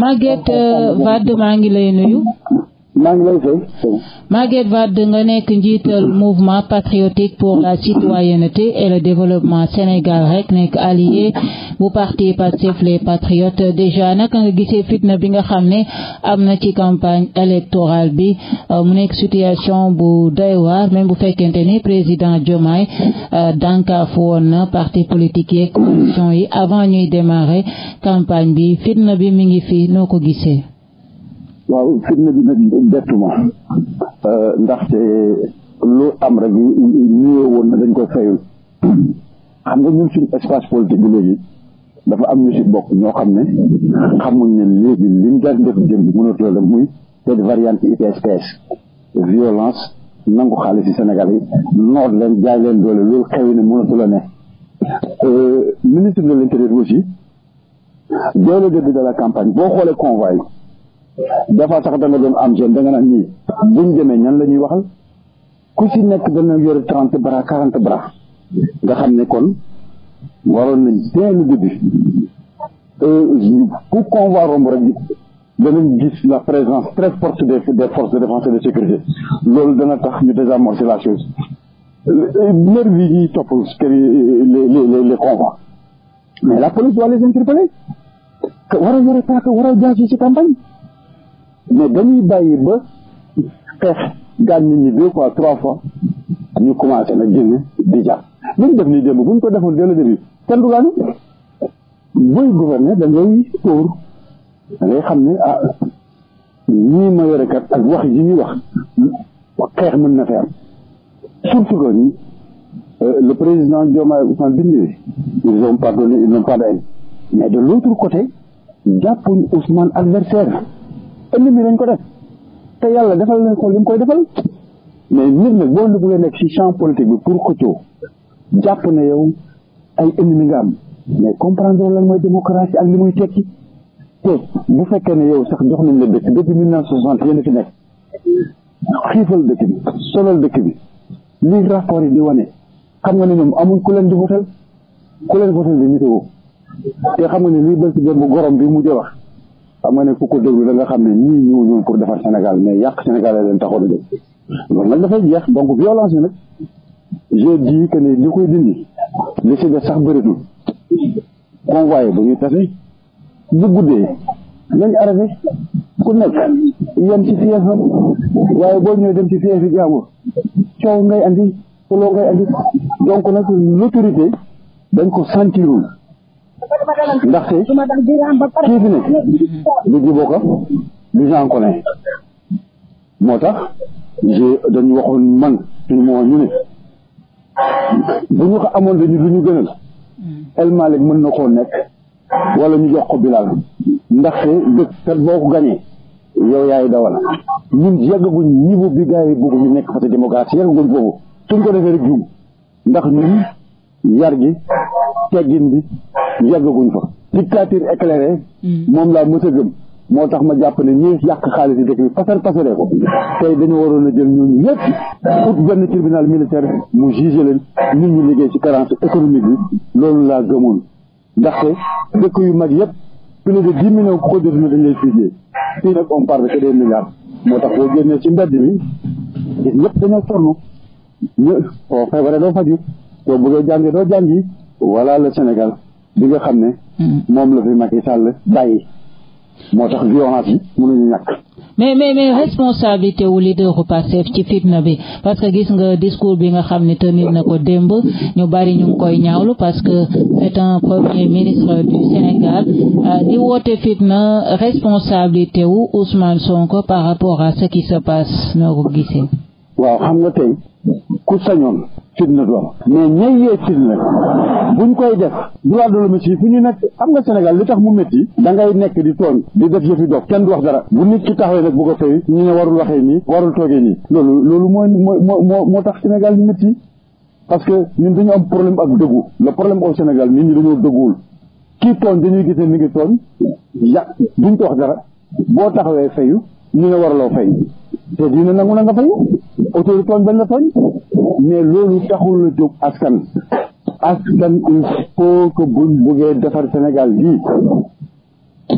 Maguette euh, Wade maa ngi lay nuyu maa ngi lay fay. Maguette Wade nga nekk njiital mouvement patriotique pour la citoyenneté et le développement Sénégal rek nekk allié bu parti Pastef les patriotes déjà naka nga gisee fitna bi nga xam ne am na ci campagne électorale bi euh, mu nekk situation bu doy waar bu fekkente ni président Diomaye euh, dànkaafu woon na parti politique yeeg coalition yi avant ñuy démarrer campagne bi fitna bi mi ngi fi noo ko gisee. waaw fitna bi nag bettuma euh, ndaxte lu am rek nuyoo woon na dañ koy fayul xam nga ñun suñu espace politique bi léegi dafa am ñu si bokk ñoo xam ne xamuñ ne léegi liñ daan def démb mënatoo la muy cette variante UPSPS violence nangu xaalis yi Sénégal yi noot leen jaay leen doole loolu xew ne mënatu la ne euh, ministre de l'intérieur aussi dès le début de la campagne boo xoolee convoi des fois sax da nga doon am jeune da nga naan ñii buñ demee ñan la ñuy waxal ku ci nekk dana yore trente bras quarante bras nga xam ne kon waroon nañ dès le début ku convoi romb rek danañ gis la présence très forte des des forces de défense et de sécurité loolu dana tax ñu désamorcer la chose euh, nervi yi ñuy topp kër les les les convois mais la police doit les interpeller war a yore paaka war a ci campagne mais dañuy bàyyi ba xeex gaañ nit ñi deux fois trois fois ñu commencé nag génne di jàpp luñ def nii démb bu ñu ko defoon dès le début kenn du gaañu booy gouverner da ngay óor xam ne ah ñii ma yore kat ak wax yi ñuy wax xeex mën na fee surtout que euh, le président Diomaye Ousmane bi ñëwee ils ont pardonné ils n'ont mais de l'autre côté jàppuñ Ousmane adversaire te nit ñi dañ ko def te yàlla defal leen ko li mu koy defal mais nit nag boo bëggee nekk ci champ politique bi pour xëccoo jàpp na yow ay ennemi nga am mais comprendre la mooy démocratie ak li muy tekki te bu fekkee ne yow sax jox nañ la dëkk depuis mi neuf cent soixante yéen a fi nekk xiifal dëkk bi solal dëkk bi li rapport yi di wane xam nga ne moom amul ku leen di votel ku leen votel di ñitewoo te xam nga ne lii bal si démb gorom bi mujjee wax xam nga ne ku ko déglu da nga xam ne ñii ñëw ñëw pour defar Sénégal mais yàq Sénégal la leen taxoon a jóg loolu nag dafay jeex donc violence bi nag je koy dindi li si des sax bëritul convoyé ba ñuy waaye boo ñëwee dem ci fief yi jàmbur coow ngay andi donk nag l'autorité dañ ko sentirul ndaxte kii fi ne li juboo ko li gens ko moo tax je dañu waxoon man suñu moo ñu ne bu ñu ko amoon dañu lu ñu gënal El mën na koo nekk wala ñu jox ko Bilal ndaxte dëkk kat boo ko gañee yow yaay dawal ñun yàggaguñ niveau bi gars yi bëgg ñu nekk fa te démocratie yàggaguñ boobu suñ ko defee rek juum ndax ñun yar gi teggin bi yàggaguñ fa dictature éclairée hmm. moom laa mës a gëm moo tax ma jàpp ne ñi yàq xaalis yi dëkk bi pasar pasaree ko tey dañu waroon a jël ñooñu yëpp ut benn tribunal militaire mu jugé leen nit ñu liggéey ci carence économique bi loolu laa gëmoon ndaxte dëkk yu mag yëpp plus de dix millions ko jot na dañ lay figé fii nag moo tax boo génnee ci mbedd mi gis ñëpp dañoo sonn ñu boo feebaree doo faju boo bëggee jàngi doo jàngi voilà le Sénégal bi nga xam ne. Mm-hmm. moom la fi Macky Sall bàyyi. moo tax violence yi mënuñu ñàkk. mais mais mais responsabilité wu leaderu Pastef ci fitna bi parce que gis nga discours bi nga xam ne tenir na ko démb ñu bari ñu ngi koy ñaawlu parce que c'est un premier ministre du Sénégal euh, di woote fitna responsabilité wu Ousmane Sonko par rapport à ce qui se passe noo gisee. waaw ah. xam nga tey ku sañoon fitna du am mais ñay yee fitna buñ koy def droit de l'homme ci fu ñu nekk xam nga Sénégal li tax mu métti da ngay nekk di tooñ di def yëfi dof kenn du wax dara bu nit ki taxawee nag bu ko fay ñu warul waxee nii warul toogee nii loolu loolu mooy moo moo moo tax Sénégal ñu métti parce que ñun dañu am problème ak dëggu le problème au Sénégal nit ñi dañoo dëgguwul kii tooñ dañuy gis ne mi ngi tooñ yàq buñ ko wax dara boo taxawee fayu ñu ne waraloo fay te dina nangu na nga fay autorité tooñ bañ la tooñ mais loolu taxul la jóg askan askan il faut que buñ buggee defar Sénégal lii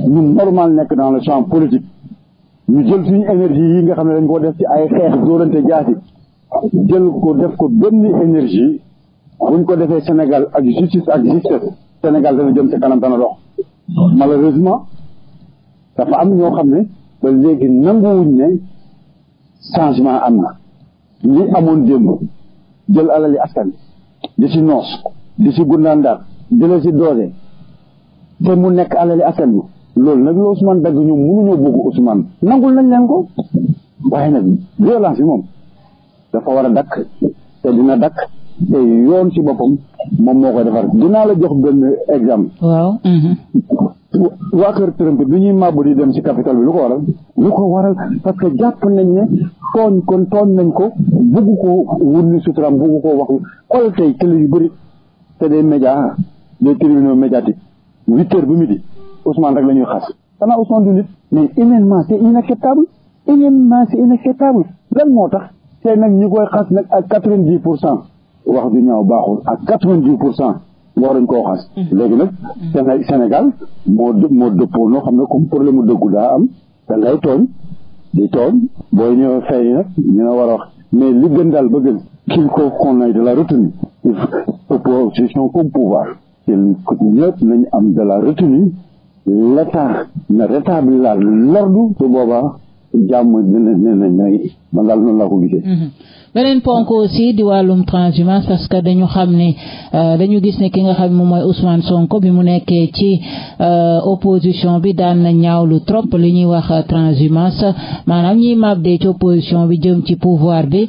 ñu normal nekk dans le champ politique ñu jël suñu énergie yi nga xam ne dañ ko def ci ay xeex dóorante jaasi jël ko def ko benn énergie buñ ko defee Sénégal ak justice ak justice Sénégal dana jëm ci kanam dana dox malheureusement dafa am ñoo xam ne ba léegi nanguwuñ ne changement am na li amoon démb jël alali askan di si noos di si gundaandaat di la si doose te mu nekk alali askan bi loolu nag la Ousmane dagg ñu mënuñoo bëgg Ousmane nangul nañ leen ko waaye nag violence bi moom dafa war a dakk te dina dakk te yoon ci boppam moom moo ko defar dinaa la jox benn exemple waaw mhm. waa kër Trump bi ñuy màbbu di dem ci capital bi lu ko waral lu ko waral parce que jàpp nañ ne tooñ kon tooñ nañ ko bugg ko wunni suturam bugg ko wax xool tey télé yu bëri te des médias des tribunaux médiatiques huit heures bu midi Ousmane rek la ñuy xas xanaa Ousmane du nit mais humainement c'est inacceptable humainement c'est inacceptable lan moo tax tey nag ñu koy xas nag ak quatre vingt dix pour cent wax du ñaaw baaxul ak quatre vingt dix pour cent waruñ ko xas. Mm-hmm. léegi nag. Sénégal moo moo dëppoo noo xam ne comme problème mu dëggu daa am da ngay tooñ di tooñ booy ñëw fay nag ñu war a wax mais li gën daal ba gën qu'il faut qu'on ait de la retenue il faut opposition comme pouvoir ñëpp nañ am de la retenue l'État na rétablir l'ordre su boobaa jàmm dina na dina man daal noonu laa ko gisee. Mm-hmm. beneen ponk aussi di wàllum transhumance parce que dañu xam ne euh, dañu gis ne ki nga xam ne moom mooy Ousmane Sonko bi mu nekkee ci euh, opposition bi daan na ñaawlu trop li ñuy wax euh, transhumance maanaam ñiy mabdee ci bi jëm ci pouvoir bi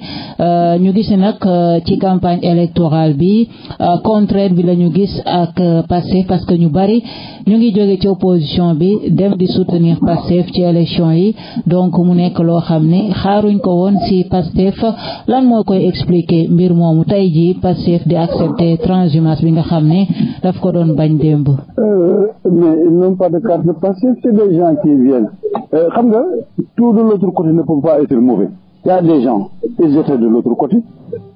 ñu gis ne nag ci campagne électoral bi contraire bi lañu gis ak Pastef parce que ñu bari ñu ngi jóge ci opposition bi dem di soutenir Pastef ci élection yi donc mu nekk loo xam ni xaaruñ ko woon si Pastef lan moo koy expliquer mbir moomu tey jii Pastef di accepter transhumance bi nga xam ne daf ko doon bañ démb. Euh, mais ils n'ont pas de carte de Pastef c'est des gens qui euh, xam nga tout de l'autre côté ne peut pas être mauvais il y a des gens ils de l'autre côté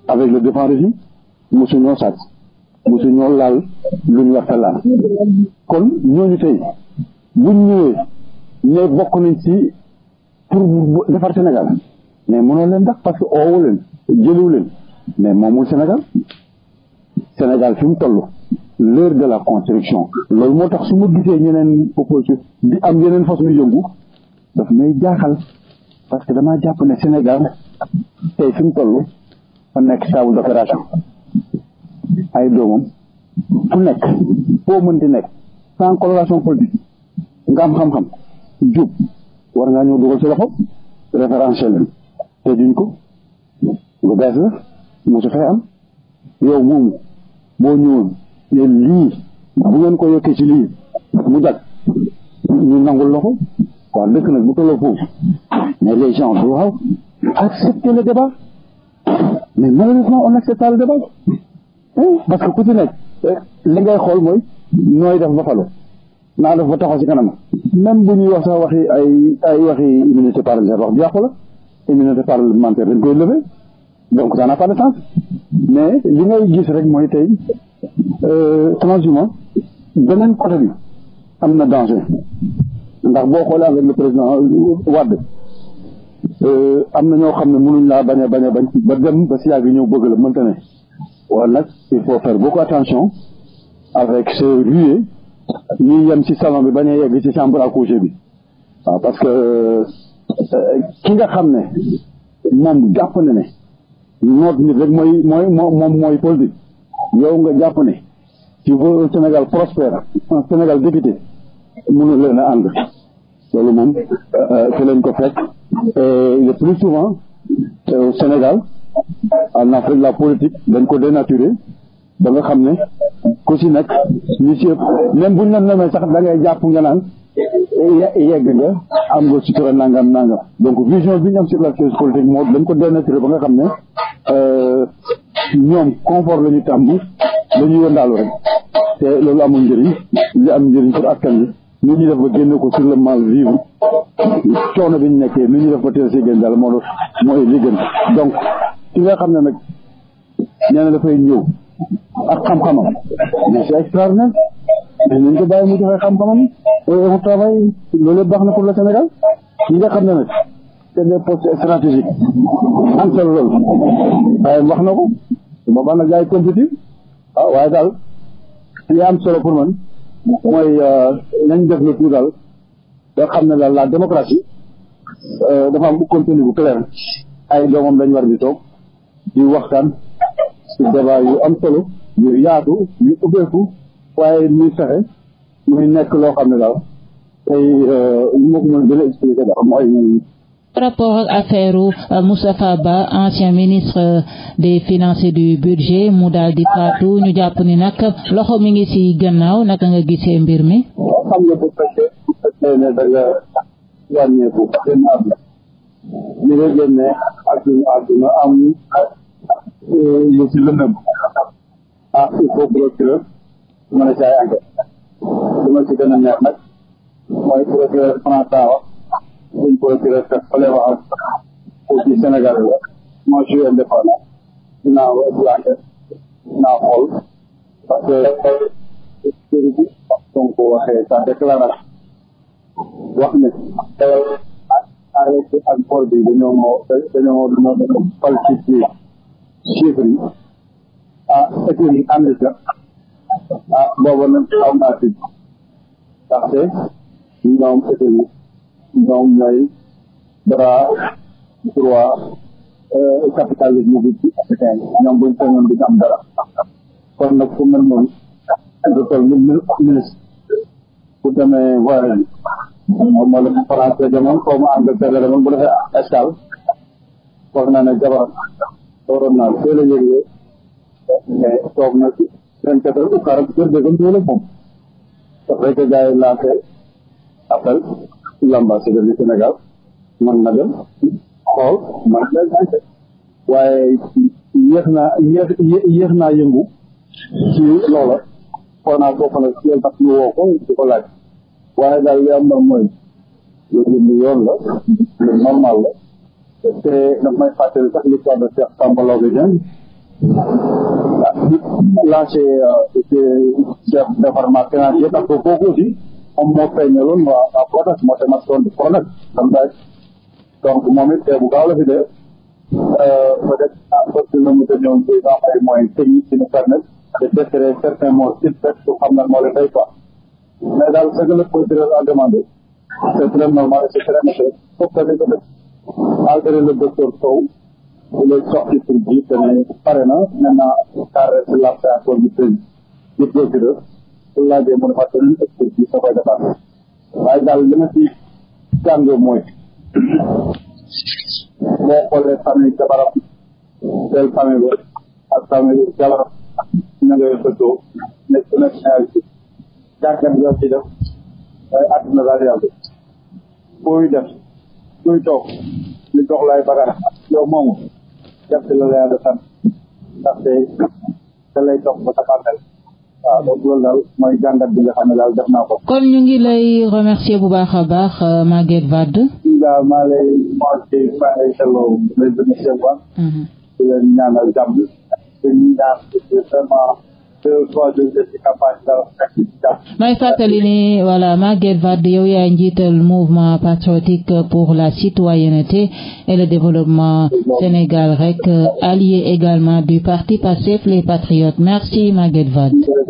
avec le défunt régime mosu ñoo sàcc mosu ñoo laal lu ñu war a laal kon ñooñu tey buñ ñëwee ne bokk nañ ci pour defar Sénégal. mais mënoo leen ndax parce que oowu leen jëliw leen mais moomul Sénégal Sénégal fi mu toll l'heure de la construction loolu moo tax su ma gisee ñeneen opposition di am yeneen façon yëngu daf may jaaxal parce que damaa jàpp ne Sénégal tey fi mu fa nekk sable d'opération ay doomam fu nekk foo mënti nekk sans coloration politique nga am xam-xam jub war ngaa ñëw dugal si loxo référentiel te duñ ko lu bees la mosu fee am yow moomu boo ñëwoon ne bu ngeen ko yokkee ci lii mu dagg ñu nangul la ko waaw dëkk nag bu tolloo foofu mais les gens doivent accepter le débat mais malheureusement on n'accepte pas le débat parce que ku ci nekk li ngay xool mooy nooy def ba falu naa def ba taxaw ci kanam même bu ñuy wax sax waxi ay ay waxi immunité parlementaire wax bi yàqu la immunité parlementaire dañ koy lever donc ça n'a pas mais li ngay gis rek mooy tey euh, transhumance beneen côté bi am na danger ndax boo xoolee avec le président Wade euh, am na ñoo xam ne mënuñ laa bañ a bañ bañ ba dem ba si yàgg ñëw bëgg la mënta ne wala nag il faut faire beaucoup attention avec ce ruée ñuy yem ci salon bi bañ a yegg ci chambre à bi waaw parce que euh, ki nga xam ne moom jàpp na ne noot nit rek mooy mooy moom mooy politique yow nga jàpp ne tu veux Sénégal prospère un Sénégal député mënul leen a ànd loolu moom te euh, leen ko fekk euh, le plus souvent euh, Sénégal en Afrique la politique dañ ko dénaturé ba nga xam ne ku si nekk ñu si ëpp même buñ leen namee sax da ngay jàpp nga naan yegg nga am nga sutura nangam nangam donc vision bi ñu am si la crise politique moo dañ ko dénaturé ba nga xam ne euh, ñoom confort la ñu tàmbu la ñuy wëndaalu rek te loolu amul njëriñ li am njëriñ pour askan bi nu ñu def ba génne ko sur le mal vivre coono bi ñu nekkee nu ñu def ba teel si gën daal moo mooy li gën donc ki nga xam ne nag nee na dafay ñëw ak xam-xamam mais c'est extraordinaire ñu ngi ko bàyyi mu joxe xam-xamam au travail baax na pour le Sénégal ñi nga xam ne nag c'est des postes waaye wax na ko su boobaa ah, waaye daal li am solo pour man mooy euh, nañ def le tout daal yoo xam ne daal la démocratie euh, dafa am contenu bu clair ay doomam dañ war di toog di waxtaan ci yu am solo yu yaatu yu ubbeeku waaye muy fexe muy nekk loo xam ne daal tey lu ma ko mën a a expliqué Ba ancien ministre euh, des finances du budget mu daal di faatu ñu jàpp ni nag loxo mi ngi ci gannaaw naka nga gisee mbir mi. waaw xam nga ne am ñu euh, ci lëndëm ah, mën a jaay engrais li ma ci gën a neex nag mooy procureur François wax suñ procureur te fële wax ak ci Sénégal la moo ci indépendant dinaa wax di enquête dinaa xool parce que sécurité bi donc waxee sa déclaration wax ne arrêté ak bor dañoo moo dañoo moo falsifié chiffre yi ah sécurité américain ah boobu nag xaw naa si ndaxte ñoom étali ñoom ñooy bras droit euh, capitalisme bi ci africain ñoom buñ sañoon duñu am dara kon ku mel noonu bu demee voyage moom moo la français demoon xaw ma Angleterre la demoon bu defee escale foog naa ne jabar waroon naa teel a yëgle na ci 27 bu caractère de la moom. daf rek gars yi lancé appel l'ambassadeur du Sénégal mën na dem xool mën na dem waaye yéex naa yéex yéex naa yëngu ci loola xool naa bokk na ci tax ñu woo ko di daal li am na mooy loolu la te daf may fàttali sax l'histoire de Cheikh Samba lancé département financier parce que kooku aussi moom moo feeñaloon waa Prodac moo demoon si Prodac xam nga donc moom it bu gaaw fi dee peut-être en fait dina mën a ñëw ci dans ay moyens techniques qui de déterrer certains mots ci fekk su xam na moo leen day quoi mais a demandé c'est très normal et c'est très naturel faut que le docteur Sow bu lay sorti tur bi te ne pare na maintenant ça reste l'abstention du président yëpp doo ci def su laajee mu ne fàtte nañ explique bi sa koy defaat waaye daal li ma ci jàngee mooy boo xoolee famille jabaram teel famille ba ak famille jabaram ña ngay bëggoo nekk su nekk réalité jàngat yoo ci def waaye àdduna daal yàlla kuy def kuy toog li jox laay bagage yow moomu def ci loolu yàlla sant ndaxte da lay topp ba sa bàmmeel bi nga xam ne daal def naa ko. kon ñu ngi lay remercier bu baax a baax euh, Maguette Wade. deux fois deux deux yow yaay njiital mouvement patriotique pour la citoyenneté et le développement Sénégal rek euh, allié également du parti Pastef les patriotes merci Maguette Wade